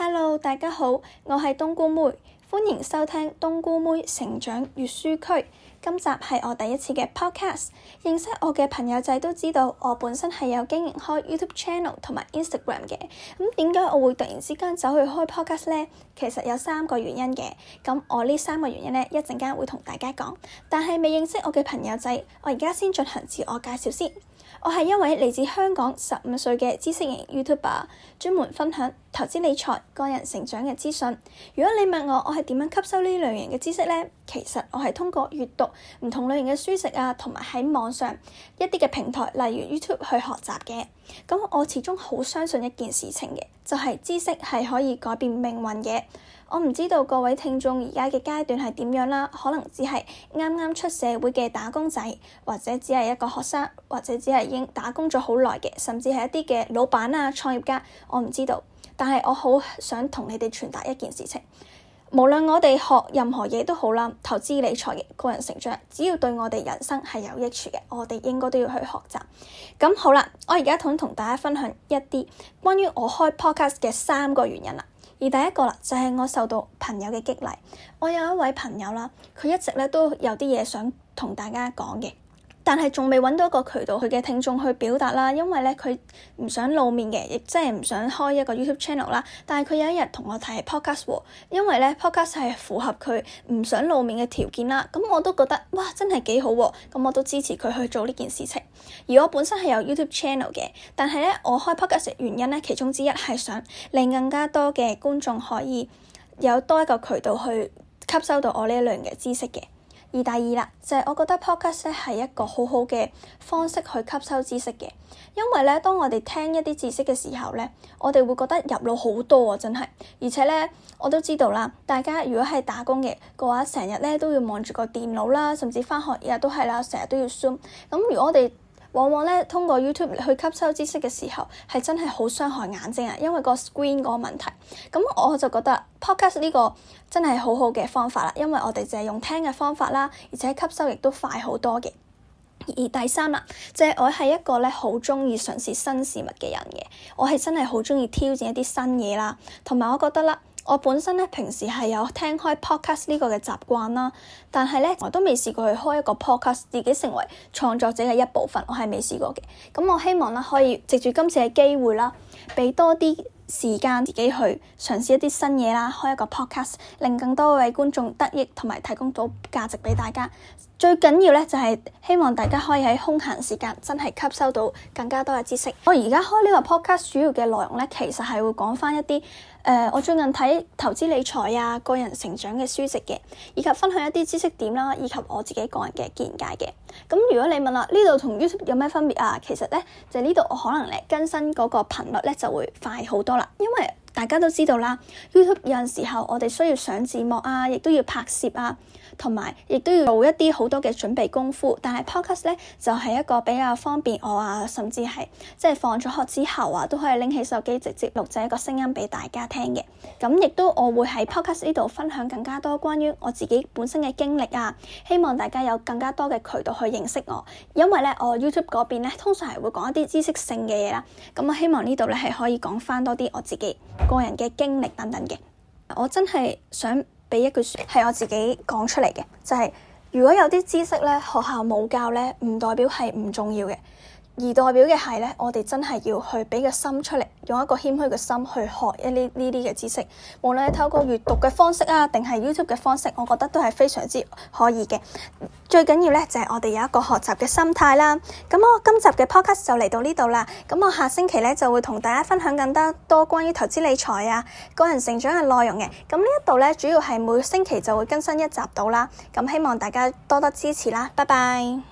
Hello，大家好，我係冬菇妹，歡迎收聽冬菇妹成長閱書區。今集係我第一次嘅 podcast，認識我嘅朋友仔都知道，我本身係有經營開 YouTube channel 同埋 Instagram 嘅。咁點解我會突然之間走去開 podcast 呢？其實有三個原因嘅。咁我呢三個原因呢，一陣間會同大家講。但係未認識我嘅朋友仔，我而家先進行自我介紹先。我係一位嚟自香港十五歲嘅知識型 YouTuber，專門分享投資理財、個人成長嘅資訊。如果你問我，我係點樣吸收呢類型嘅知識呢？其實我係通過閱讀唔同類型嘅書籍啊，同埋喺網上一啲嘅平台，例如 YouTube 去學習嘅。咁我始終好相信一件事情嘅，就係知識係可以改變命運嘅。我唔知道各位聽眾而家嘅階段係點樣啦，可能只係啱啱出社會嘅打工仔，或者只係一個學生，或者只係已經打工咗好耐嘅，甚至係一啲嘅老闆啊、創業家。我唔知道，但係我好想同你哋傳達一件事情，無論我哋學任何嘢都好啦，投資理財、個人成長，只要對我哋人生係有益處嘅，我哋應該都要去學習。咁好啦，我而家想同大家分享一啲關於我開 Podcast 嘅三個原因啦。而第一個啦，就係、是、我受到朋友嘅激勵。我有一位朋友啦，佢一直咧都有啲嘢想同大家講嘅。但係仲未揾到一個渠道，佢嘅聽眾去表達啦，因為呢，佢唔想露面嘅，亦即係唔想開一個 YouTube channel 啦。但係佢有一日同我提 podcast，因為呢 podcast 係符合佢唔想露面嘅條件啦。咁我都覺得哇，真係幾好咁，啊，我都支持佢去做呢件事情。而我本身係有 YouTube channel 嘅，但係呢，我開 podcast 嘅原因呢，其中之一係想令更加多嘅觀眾可以有多一個渠道去吸收到我呢一類嘅知識嘅。而第二啦，就係、是、我覺得 Podcast 咧係一個好好嘅方式去吸收知識嘅，因為咧當我哋聽一啲知識嘅時候咧，我哋會覺得入腦好多啊，真係。而且咧我都知道啦，大家如果係打工嘅嘅話，成日咧都要望住個電腦啦，甚至返學日都係啦，成日都要 zoom。咁如果我哋往往咧通過 YouTube 去吸收知識嘅時候，係真係好傷害眼睛啊！因為個 screen 嗰個問題，咁我就覺得 podcast 呢個真係好好嘅方法啦，因為我哋淨係用聽嘅方法啦，而且吸收亦都快好多嘅。而第三啦，就係我係一個咧好鍾意嘗試新事物嘅人嘅，我係真係好鍾意挑戰一啲新嘢啦，同埋我覺得啦。我本身咧，平時係有聽開 Podcast 呢個嘅習慣啦，但係咧，我都未試過去開一個 Podcast，自己成為創作者嘅一部分，我係未試過嘅。咁我希望咧，可以藉住今次嘅機會啦，俾多啲時間自己去嘗試一啲新嘢啦，開一個 Podcast，令更多位觀眾得益同埋提供到價值俾大家。最緊要咧，就係希望大家可以喺空閒時間真係吸收到更加多嘅知識。我而家開呢個 Podcast 主要嘅內容咧，其實係會講返一啲。誒、呃，我最近睇投資理財啊、個人成長嘅書籍嘅，以及分享一啲知識點啦，以及我自己個人嘅見解嘅。咁、嗯、如果你問啦，呢度同 YouTube 有咩分別啊？其實咧，就係呢度我可能咧更新嗰個頻率咧就會快好多啦，因為。大家都知道啦，YouTube 有陣時候我哋需要上字幕啊，亦都要拍攝啊，同埋亦都要做一啲好多嘅準備功夫。但係 Podcast 咧就係、是、一個比較方便我啊，甚至係即係放咗學之後啊，都可以拎起手機直接錄製一個聲音俾大家聽嘅。咁亦都我會喺 Podcast 呢度分享更加多關於我自己本身嘅經歷啊。希望大家有更加多嘅渠道去認識我，因為咧我 YouTube 嗰邊咧通常係會講一啲知識性嘅嘢啦。咁我希望呢度咧係可以講翻多啲我自己，個人嘅經歷等等嘅，我真係想俾一句說，係我自己講出嚟嘅，就係、是、如果有啲知識咧，學校冇教咧，唔代表係唔重要嘅，而代表嘅係咧，我哋真係要去俾個心出嚟。用一個謙虛嘅心去學一啲呢啲嘅知識，無論係透過閲讀嘅方式啊，定係 YouTube 嘅方式，我覺得都係非常之可以嘅。最緊要咧就係我哋有一個學習嘅心態啦。咁我今集嘅 Podcast 就嚟到呢度啦。咁我下星期咧就會同大家分享更多關於投資理財啊、個人成長嘅內容嘅。咁呢一度咧主要係每星期就會更新一集到啦。咁希望大家多多支持啦。拜拜。